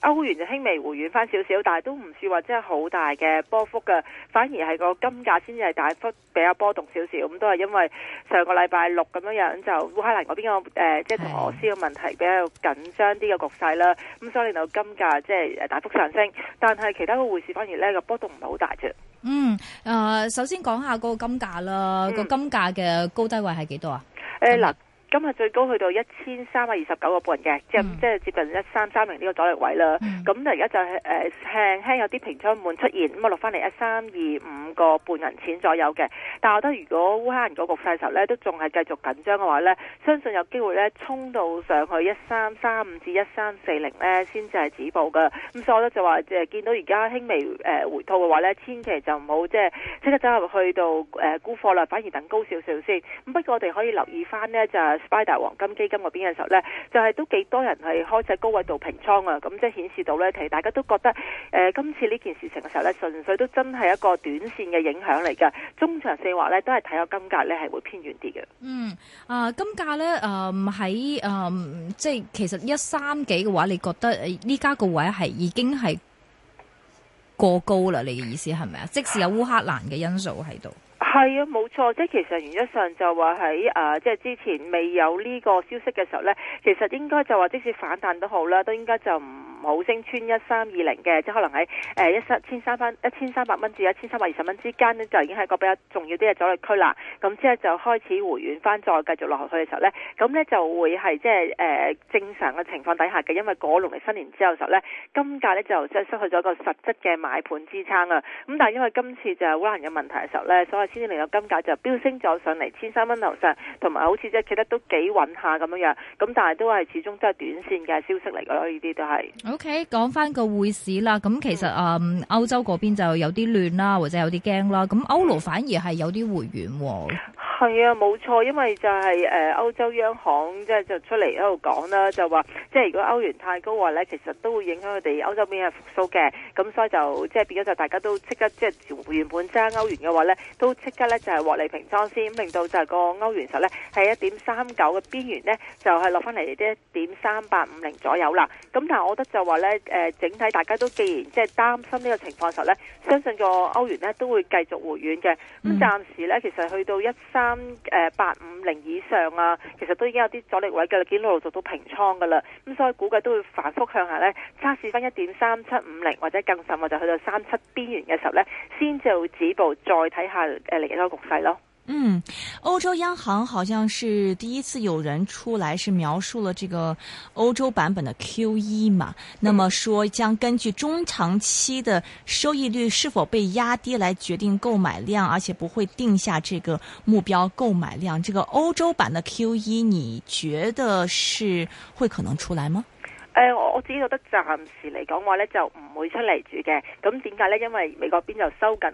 歐元就輕微回軟翻少少，但係都唔算話真係好大嘅波幅嘅，反而係個金價先至係大幅比較波動少少。咁都係因為上個禮拜六咁樣樣，就烏克蘭嗰邊個誒，即係俄羅斯嘅問題比較緊張啲嘅局勢啦。咁所以令到金價即係誒大幅上升，但係其他嘅匯市反而咧個波動唔係好大啫。嗯，誒、呃，首先講下個金價啦，個、嗯、金價嘅高低位係幾多啊？誒、欸，嗱。今日最高去到一千三百二十九個半嘅，即係即係接近一三三零呢個阻力位啦。咁而家就係、是、誒輕輕有啲平倉滿出現，咁啊落翻嚟一三二五個半銀錢左右嘅。但係我覺得如果烏克蘭嗰個局勢咧都仲係繼續緊張嘅話咧，相信有機會咧衝到上去一三三五至一三四零咧先至係止步㗎。咁所以我咧就話誒見到而家輕微誒回吐嘅話咧，千祈就唔好即係即刻走入去到誒沽貨啦，反而等高少少先。咁不過我哋可以留意翻呢。就。Spider 黃金基金嗰邊嘅時候咧，就係、是、都幾多人係開始在高位度平倉啊！咁即係顯示到咧，係大家都覺得誒、呃，今次呢件事情嘅時候咧，純粹都真係一個短線嘅影響嚟㗎，中長線話咧都係睇下金價咧係會偏軟啲嘅。嗯啊、呃，金價咧啊，喺、呃、啊、呃，即係其實一三幾嘅話，你覺得呢家個位係已經係過高啦？你嘅意思係咪啊？即使有烏克蘭嘅因素喺度。係啊，冇錯，即係其實原則上就話喺誒，即係之前未有呢個消息嘅時候咧，其實應該就話即使反彈都好啦，都應該就唔。冇升穿一三二零嘅，即係可能喺誒一千三翻一千三百蚊至一千三百二十蚊之間呢，就已經係個比較重要啲嘅阻力區啦。咁之後就開始回軟翻，再繼續落去嘅時候呢，咁呢就會係即係誒正常嘅情況底下嘅，因為果農曆新年之後嘅時候呢，金價呢就即係失去咗一個實質嘅買盤支撐啦。咁但係因為今次就好難有問題嘅時候呢，所以先至令到金價就飆升咗上嚟千三蚊樓上，同埋好似即係其實都幾穩下咁樣樣。咁但係都係始終都係短線嘅消息嚟嘅咯，呢啲都係。OK，講翻個匯市啦，咁其實誒、嗯、歐洲嗰邊就有啲亂啦，或者有啲驚啦，咁歐羅反而係有啲回軟喎。係啊，冇錯，因為就係、是、誒、呃、歐洲央行即係就出嚟喺度講啦，就話即係如果歐元太高話咧，其實都會影響佢哋歐洲經濟嘅復甦嘅，咁所以就即係變咗就大家都刻即刻即係原本揸歐元嘅話咧，都即刻咧就係獲利平倉先，令到就係個歐元實咧喺一點三九嘅邊緣呢，就係、是、落翻嚟呢一點三八五零左右啦。咁但係我覺得就話咧誒，整體大家都既然即係擔心呢個情況時候咧，相信個歐元呢都會繼續回軟嘅。咁暫時咧，其實去到一三三誒八五零以上啊，其實都已經有啲阻力位嘅啦，幾多路做到平倉噶啦，咁所以估計都會反覆向下呢，測試翻一點三七五零或者更甚，我就去到三七邊緣嘅時候呢，先至止步，再睇下誒嚟緊個局勢咯。嗯，歐洲央行好像是第一次有人出來是描述了這個歐洲版本的 QE 嘛？那麼說將根據中長期的收益率是否被壓低來決定購買量，而且不會定下這個目標購買量。這個歐洲版的 QE，你覺得是會可能出來嗎？呃，我，我自己覺得暫時嚟講嘅話呢就唔會出嚟住嘅。咁點解呢？因為美國邊就收緊。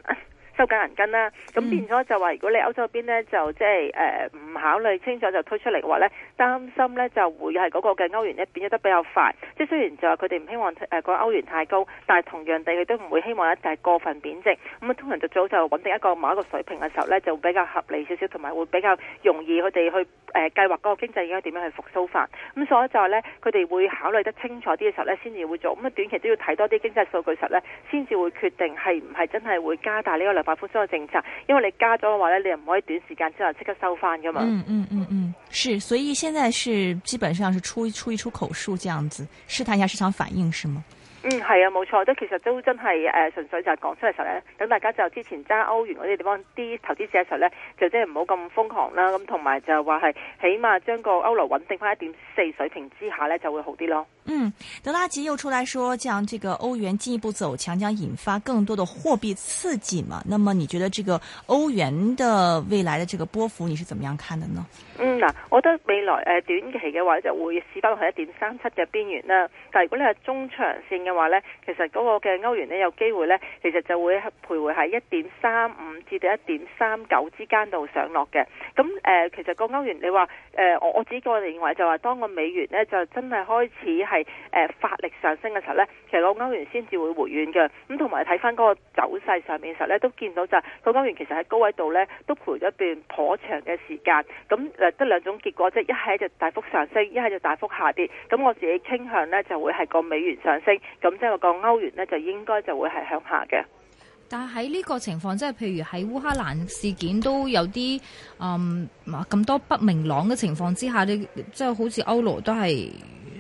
收緊銀根啦，咁變咗就話，如果你歐洲邊邊呢就即係誒唔考慮清楚就推出嚟嘅話呢，擔心呢就會係嗰個嘅歐元咧貶得比較快。即係雖然就話佢哋唔希望誒個、呃、歐元太高，但係同樣地佢都唔會希望一但過分貶值。咁啊，通常就早就穩定一個某一個水平嘅時候呢，就比較合理少少，同埋會比較容易佢哋去、呃、計劃嗰個經濟應該點樣去復甦翻。咁所以就係呢，佢哋會考慮得清楚啲嘅時候呢，先至會做。咁啊，短期都要睇多啲經濟數據實呢，先至會決定係唔係真係會加大呢個量。放寬相關政策，因為你加咗嘅話咧，你又唔可以短時間之後即刻收翻噶嘛。嗯嗯嗯嗯，是，所以現在是基本上是出出一出口數這樣子，試探一下市場反應，是嗎？嗯，係啊，冇錯，即其實都真係誒、呃，純粹就係講出嚟時候咧，等大家就之前揸歐元嗰啲地方啲投資者嘅時候咧，就即係唔好咁瘋狂啦，咁同埋就係話係起碼將個歐羅穩定翻一點四水平之下咧，就會好啲咯。嗯，德拉吉又出來說，將這，這個歐元進一步走強，強，將引發更多的貨幣刺激嘛？那麼你覺得這個歐元的未來的這個波幅，你是怎麼樣看的呢？嗯，嗱、啊，我覺得未來誒、呃、短期嘅話就會試翻去一點三七嘅邊緣啦。但係如果你係中長線嘅話咧，其實嗰個嘅歐元咧有機會咧，其實就會徘徊喺一點三五至到一點三九之間度上落嘅。咁、嗯、誒、呃，其實個歐元，你話誒、呃、我我自己個人認為就話，當個美元咧就真係開始是係誒，發力上升嘅時候咧，其實個歐元先至會回軟嘅。咁同埋睇翻嗰個走勢上面嘅時候咧，都見到就係、是，個歐元其實喺高位度咧，都陪咗一段頗長嘅時間。咁誒，得兩種結果，即係一係就大幅上升，一係就大幅下跌。咁我自己傾向咧，就會係個美元上升，咁即係話個歐元咧，就應該就會係向下嘅。但係喺呢個情況，即係譬如喺烏克蘭事件都有啲嗯，咁多不明朗嘅情況之下，你即係好似歐羅都係。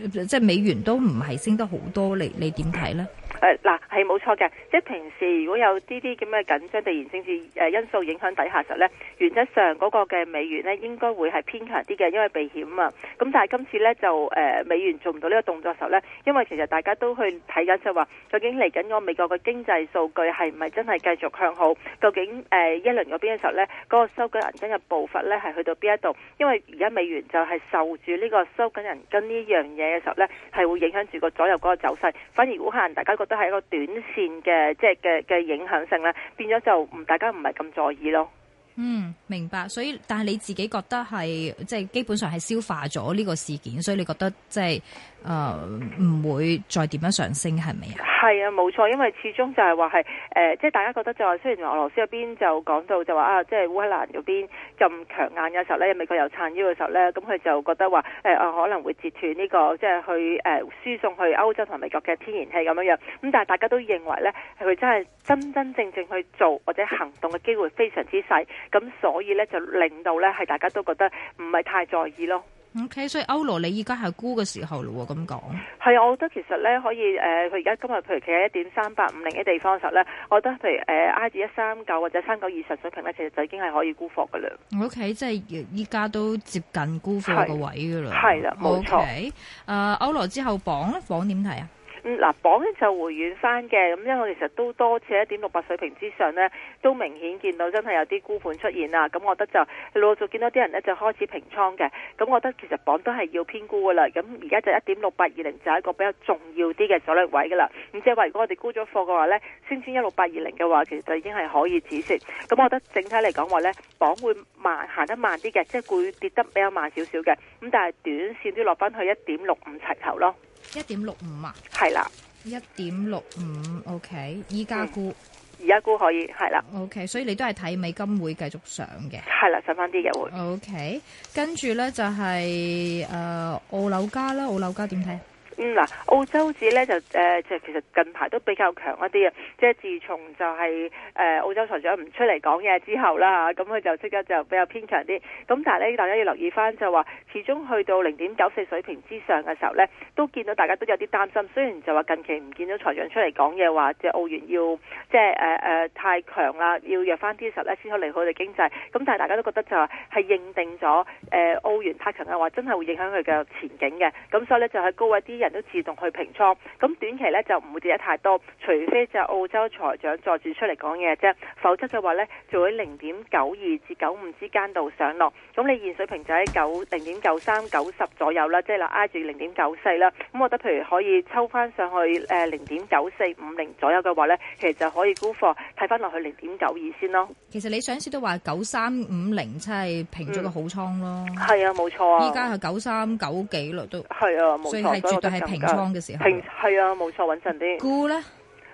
即美元都唔係升得好多，你你點睇咧？誒、啊、嗱，係冇錯嘅。即係平時如果有啲啲咁嘅緊張地緣政治誒因素影響底下時候呢，原則上嗰個嘅美元呢應該會係偏強啲嘅，因為避險啊嘛。咁但係今次呢，就誒、呃、美元做唔到呢個動作時候呢，因為其實大家都去睇緊就係話，究竟嚟緊嗰個美國嘅經濟數據係唔係真係繼續向好？究竟誒、呃、一輪嗰邊嘅時候呢，嗰、那個收緊銀根嘅步伐呢係去到邊一度？因為而家美元就係受住呢個收緊銀根呢樣嘢嘅時候呢，係會影響住個左右嗰個走勢。反而如果可能大家覺得，係一個短線嘅，即係嘅嘅影響性咧，變咗就唔大家唔係咁在意咯。嗯，明白。所以，但係你自己覺得係，即係基本上係消化咗呢個事件，所以你覺得即係誒唔會再點樣上升，係咪啊？係啊，冇錯，因為始終就係話係誒，即係大家覺得就話，雖然俄羅斯嗰邊就講到就話啊，即係烏克蘭嗰邊咁強硬嘅時候咧，美國又撐腰嘅時候咧，咁佢就覺得話誒，可能會截斷呢個即係去誒輸送去歐洲同美國嘅天然氣咁樣樣。咁但係大家都認為咧，係佢真係真真正正去做或者行動嘅機會非常之細，咁所以咧就令到咧係大家都覺得唔係太在意咯。O、okay, K，所以歐羅你依家係沽嘅時候咯喎，咁講係，我覺得其實咧可以誒，佢而家今日譬如企喺一點三八五零嘅地方時候咧，我覺得譬如誒、呃、I 指一三九或者三九二十水平咧，其實就已經係可以沽貨嘅啦。O、okay, K，即係依家都接近沽貨個位嘅啦。係啦，冇、okay、錯。誒、呃，歐羅之後鎊咧，鎊點睇啊？嗱、啊，榜就回軟翻嘅，咁因為其實都多次喺一點六八水平之上呢，都明顯見到真係有啲沽盤出現啦。咁我覺得就陸續見到啲人呢，就開始平倉嘅。咁我覺得其實榜都係要偏沽嘅啦。咁而家就一點六八二零就係一個比較重要啲嘅阻力位嘅啦。咁即係話，如果我哋沽咗貨嘅話呢，升穿一六八二零嘅話，其實就已經係可以止蝕。咁我覺得整體嚟講話呢，榜會慢行得慢啲嘅，即係會跌得比較慢少少嘅。咁但係短線都落翻去一點六五齊頭咯。一點六五啊，係啦，一點六五，OK，而家沽，而家沽可以，係啦，OK，所以你都係睇美金會繼續上嘅，係啦，上翻啲嘅會，OK，跟住咧就係誒澳紐加啦，澳紐加點睇？嗯嗱，澳洲指咧就誒，即、呃、其實近排都比較強一啲啊！即係自從就係、是、誒、呃、澳洲財長唔出嚟講嘢之後啦，咁佢就即刻就比較偏強啲。咁但係咧，大家要留意翻就話，始終去到零點九四水平之上嘅時候咧，都見到大家都有啲擔心。雖然就話近期唔見到財長出嚟講嘢，話即係澳元要即係誒誒太強啦，要弱翻啲時候咧先可利好佢經濟。咁但係大家都覺得就話、是、係認定咗誒、呃、澳元太強嘅話，真係會影響佢嘅前景嘅。咁所以咧就係、是、高一啲。人都自動去平倉，咁短期咧就唔會跌得太多，除非就澳洲財長再次出嚟講嘢啫，否則就話咧就喺零點九二至九五之間度上落。咁你現水平就喺九零點九三九十左右啦，即係嗱挨住零點九四啦。咁我覺得譬如可以抽翻上去誒零點九四五零左右嘅話咧，其實就可以估貨睇翻落去零點九二先咯。其實你上一次都話九三五零即係平咗個好倉咯，係、嗯、啊冇錯啊，依家係九三九幾咯都係啊冇錯。係平倉嘅時候，平係啊，冇錯穩陣啲沽咧，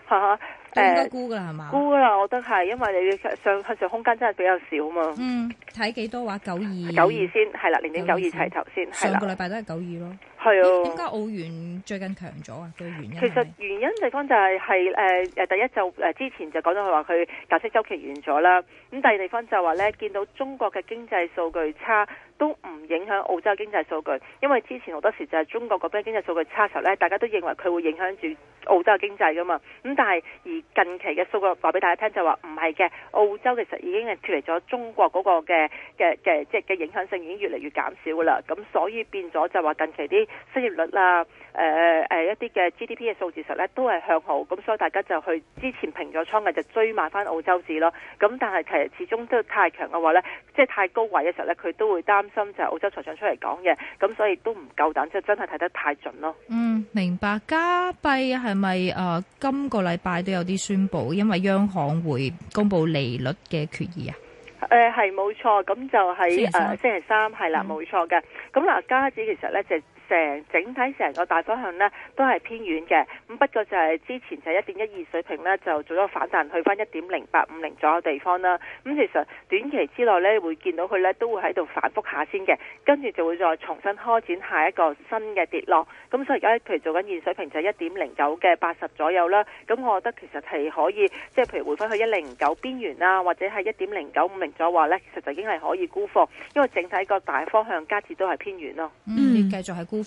嚇嚇，誒沽噶啦，係嘛？沽啦，呃，我覺得係，因為你上向上空間真係比較少嘛。嗯，睇幾多少話九二九二先，係啦，你啲九二齊頭先，係啦，上個禮拜都係九二咯。係啊，點解澳元最近強咗啊？個原因其實原因地方就係係誒誒第一就誒、呃、之前就講到佢話佢加息周期完咗啦。咁第二地方就話咧見到中國嘅經濟數據差都唔影響澳洲嘅經濟數據，因為之前好多時就係中國嗰邊經濟數據差嘅時候咧，大家都認為佢會影響住澳洲嘅經濟噶嘛。咁但係而近期嘅數據話俾大家聽就話唔係嘅，澳洲其實已經係脱離咗中國嗰個嘅嘅嘅即係嘅影響性已經越嚟越減少啦。咁所以變咗就話近期啲。失業率啊，誒、呃、誒、呃、一啲嘅 GDP 嘅數字實咧都係向好，咁所以大家就去之前平咗倉嘅就追買翻澳洲紙咯。咁但係其實始終都太強嘅話咧，即係太高位嘅時候咧，佢都會擔心就澳洲財長出嚟講嘢，咁所以都唔夠膽即係真係睇得太準咯。嗯，明白。加幣係咪誒今個禮拜都有啲宣布，因為央行會公布利率嘅決議啊？誒、呃，係冇錯，咁就喺、是、誒、呃、星期三係啦，冇錯嘅。咁嗱，加紙其實咧就係。成整體成個大方向呢都係偏遠嘅，咁不過就係之前就係一點一二水平呢，就做咗反彈，去翻一點零八五零左右的地方啦。咁其實短期之內呢，你會見到佢呢都會喺度反覆下先嘅，跟住就會再重新開展下一個新嘅跌落。咁所以而家譬如做緊現水平就係一點零九嘅八十左右啦。咁我覺得其實係可以，即係譬如回翻去一零九邊緣啦，或者係一點零九五零左右話呢，其實已經係可以沽貨，因為整體個大方向加設都係偏遠咯。嗯，繼、嗯、續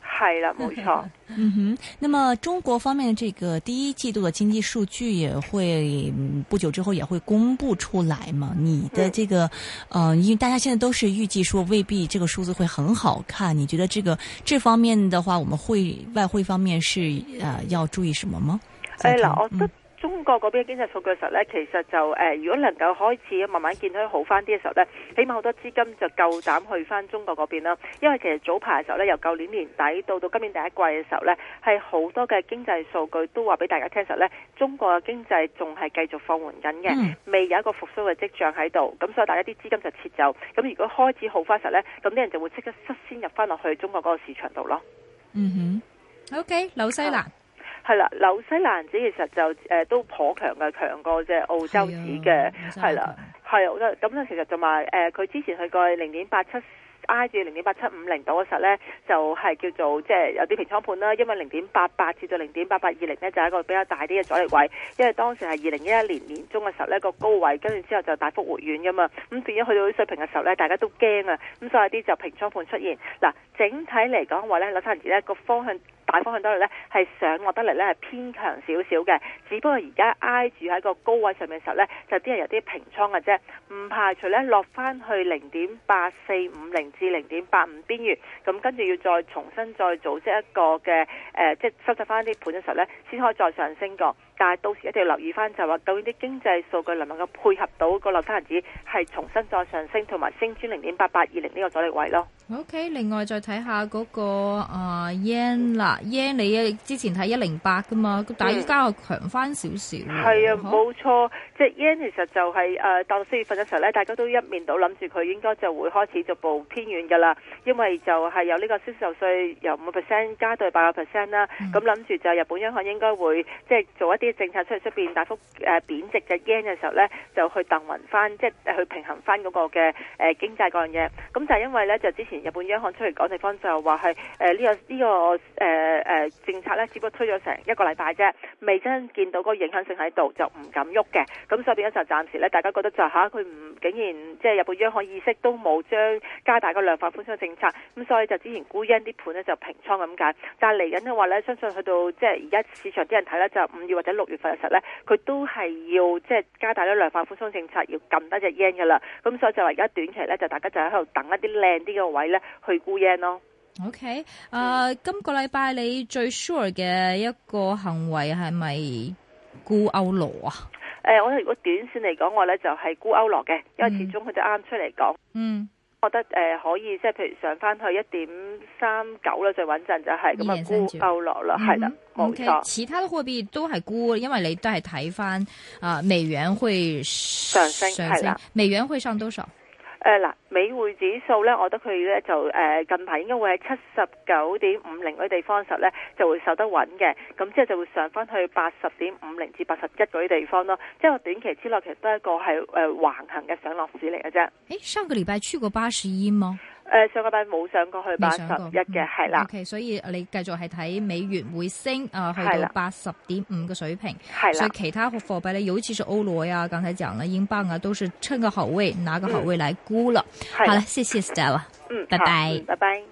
係啦，冇錯。嗯哼，那麼中國方面的這個第一季度的經濟數據也會不久之後也會公布出來嘛？你的這個，嗯、呃，因為大家現在都是預計說未必這個數字會很好看，你覺得這個這方面的話，我們會外匯方面是啊、呃、要注意什麼嗎？中國嗰邊經濟數據實呢，其實就誒、呃，如果能夠開始慢慢見到好翻啲嘅時候呢，起碼好多資金就夠膽去翻中國嗰邊啦。因為其實早排嘅時候呢，由舊年年底到到今年第一季嘅時候呢，係好多嘅經濟數據都話俾大家聽嘅時候呢，中國嘅經濟仲係繼續放緩緊嘅、嗯，未有一個復甦嘅跡象喺度。咁所以大家啲資金就撤走。咁如果開始好翻嘅時候呢，咁啲人就會即刻率先入翻落去中國嗰個市場度咯。嗯哼。O K. 老西蘭。係啦，紐西蘭紙其實就誒、呃、都頗強嘅，強過即係澳洲紙嘅，係啦，係，咁咧其實同埋誒佢之前去過零點八七挨住零點八七五零度嘅時候咧，就係、是、叫做即係、就是、有啲平倉盤啦，因為零點八八至到零點八八二零咧就係、是、一個比較大啲嘅阻力位，因為當時係二零一一年年中嘅時候呢、那個高位，跟住之後就大幅回軟嘅嘛，咁變咗去到水平嘅時候咧，大家都驚啊，咁所以啲就平倉盤出現。嗱，整體嚟講話咧，紐西蘭紙呢個方向。大方向都係咧，係上落得嚟咧，係偏強少少嘅。只不過而家挨住喺個高位上面嘅時候咧，就啲人有啲平倉嘅啫。唔排除咧落翻去零點八四五零至零點八五邊緣，咁跟住要再重新再組織一個嘅誒，即係收集翻啲盤嘅時候咧，先可以再上升個。但係到時一定要留意翻，就話到啲經濟數據能唔能夠配合到個樓市銀紙係重新再上升，同埋升穿零點八八二零呢個阻力位咯。OK，另外再睇下嗰、那個啊 yen、呃、啦 yen，你之前睇一零八噶嘛，但係依家又強翻少少。係、嗯、啊、冇、啊、錯，即係 yen 其實就係誒到四月份嘅時候咧，大家都一面到諗住佢應該就會開始逐步偏軟噶啦，因為就係有呢個銷售稅由五個 percent 加到去八個 percent 啦，咁諗住就日本央行應該會即係做一啲。政策出出邊大幅誒貶值嘅 yen 嘅時候咧，就去掟雲翻，即係去平衡翻嗰個嘅誒經濟嗰樣嘢。咁就係因為咧，就之前日本央行出嚟講地方，就話係誒呢個呢個誒誒政策咧，只不過推咗成一個禮拜啫，未真見到嗰個影響性喺度，就唔敢喐嘅。咁所以變咗就暫時咧，大家覺得就嚇佢唔竟然，即係日本央行意識都冇將加大個量化寬鬆政策。咁所以就之前沽 yen 啲盤咧，就平倉咁解。但係嚟緊嘅話咧，相信去到即係而家市場啲人睇咧，就五月或者六月份其實咧，佢都係要即係加大咗量化寬鬆政策，要撳一隻 yen 噶啦。咁所以就話而家短期咧，就大家就喺度等一啲靚啲嘅位咧去沽 yen 咯。OK，誒、uh,，今個禮拜你最 sure 嘅一個行為係咪沽歐羅啊？誒、呃，我如果短線嚟講話咧，就係、是、沽歐羅嘅，因為始終佢就啱出嚟講，嗯。嗯我覺得誒、呃、可以，即係譬如上翻去一點、就是、三九咧，就穩陣就係咁啊沽歐落啦，係啦，冇、嗯、錯。其他嘅貨幣都係沽，因為你都係睇翻啊美元會上升，係啦，美元會上多少？誒、呃、嗱，美匯指數咧，我覺得佢咧就誒、呃、近排應該會喺七十九點五零嗰啲地方時候咧就會受得穩嘅，咁之後就會上翻去八十點五零至八十一嗰啲地方咯，即係短期之內其實都係一個係誒、呃、橫行嘅上落市嚟嘅啫。誒，上個禮拜去過八十一嗎？誒，上個禮拜冇上過去八十一嘅係啦。嗯、o、okay, K，所以你繼續係睇美元會升啊，去到八十點五嘅水平。係啦，所以其他貨幣咧，尤其是歐羅呀，剛才講啦，英鎊啊，都是趁個好位，拿個好位來沽啦。係，好啦，謝謝 Stella 嗯 bye bye。嗯，拜拜，拜拜。